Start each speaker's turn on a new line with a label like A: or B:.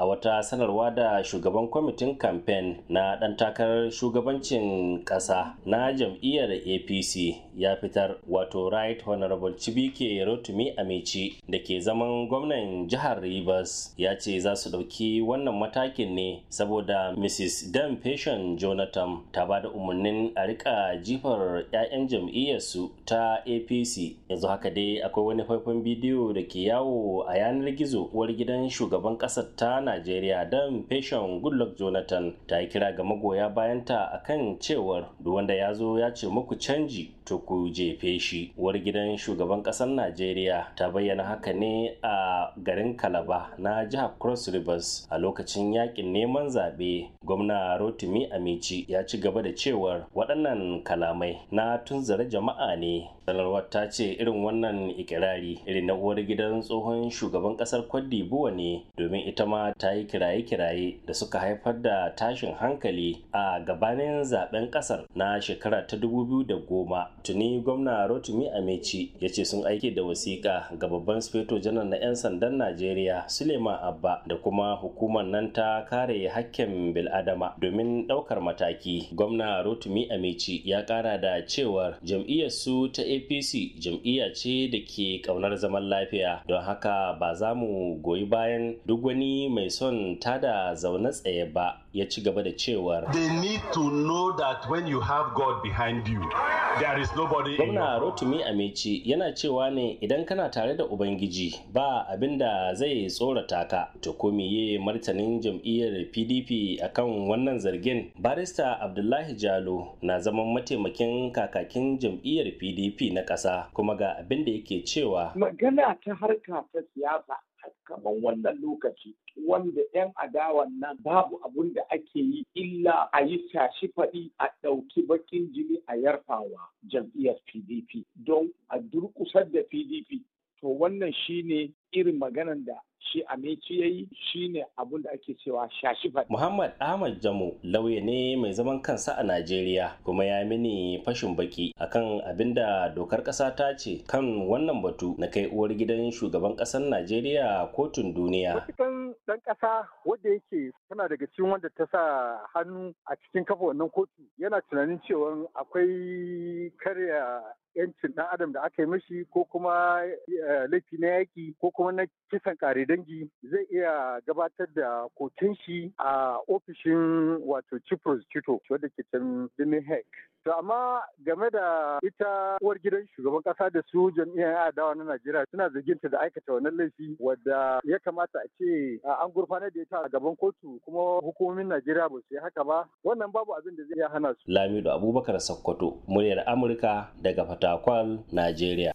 A: a wata sanarwa da shugaban kwamitin kamfen na ɗan takarar shugabancin ƙasa na jam'iyyar apc ya fitar wato right honorable chibike rotumi amici da ke zaman gwamnan jihar rivers ya ce za su ɗauki wannan matakin ne saboda mrs dan fashion jonathan ta ba da umarnin a rika jifar 'ya'yan jam'iyyarsu ta apc yanzu haka dai akwai wani faifan bidiyo da ke yawo a yanar gizo uwar gidan shugaban ƙasar ta najeriya don fashion goodluck jonathan ta yi kira ga magoya bayanta a kan cewar wanda ya zo ya ce muku canji to ku jefe shi uwar gidan shugaban kasar najeriya ta bayyana haka ne a garin kalaba na jihar cross rivers a lokacin yakin neman zaɓe gwamna rotimi amici ya ci gaba da cewar waɗannan kalamai na tunzara jama'a ne sanarwar ta ce irin wannan ikirari irin na uwar gidan tsohon shugaban kasar buwa ne domin ita ma ta yi kiraye-kiraye da suka haifar da tashin hankali a gabanin zaben kasar na shekara ta 2010 tuni gwamna rotumi amechi ya ce sun aiki da wasiƙa ga babban sufeto janar na 'yan sandan najeriya suleiman abba da kuma hukumar nan ta kare hakkin biladama domin ɗaukar mataki gwamna rotumi amechi ya ƙara da cewar jam'iyyar su ta apc jam'iyya ce da ke ƙaunar zaman lafiya don haka ba za mu goyi bayan duk wani mai mai son tada zaune tsaye ba ya ci gaba da cewar they need to know that when you have god behind you there is gwamna rotumi amici yana cewa ne idan kana tare da ubangiji ba abin da zai tsorata ka to ko martanin jam'iyyar pdp akan wannan zargin barista abdullahi jalo na zaman mataimakin kakakin jam'iyyar pdp na ƙasa kuma ga abin da yake cewa
B: magana ta harka ta siyasa kamar wannan lokaci wanda 'yan adawan nan babu abun da ake yi illa a yi tashi faɗi a ɗauki baƙin jini a yarfawa jam'iyyar pdp don a durƙusar da pdp to wannan shine irin maganan da shi ameci yayi shine abun da ake cewa
A: shashi fa Muhammad Ahmad Jamo lauya ne mai zaman kansa a Najeriya kuma ya mini fashin baki akan abinda dokar ƙasa ta ce kan wannan batu na kai uwar gidan shugaban ƙasar Najeriya kotun duniya.
B: kan ɗan ƙasa wanda yake tana daga cikin wanda ta sa hannu a cikin kafa wannan kotu yana tunanin cewa akwai karya yancin ɗan adam da aka yi mishi ko kuma eh, laifi na yaƙi ko kuma na kisan ƙare dangi zai iya gabatar da kotun shi a ofishin wato chief prosecutor wadda ke can birnin hek To amma game da ita uwar gidan shugaban ƙasa da su jam'iyyar adawa na Najeriya suna zarginta da aikata wannan laifi wadda ya kamata a ce an gurfanar da ita a gaban kotu kuma hukumomin Najeriya ba su yi haka ba wannan babu abin da zai iya hana
A: su. Lamido Abubakar Sakkwato, muryar Amurka daga Fata Fatakwal, Najeriya.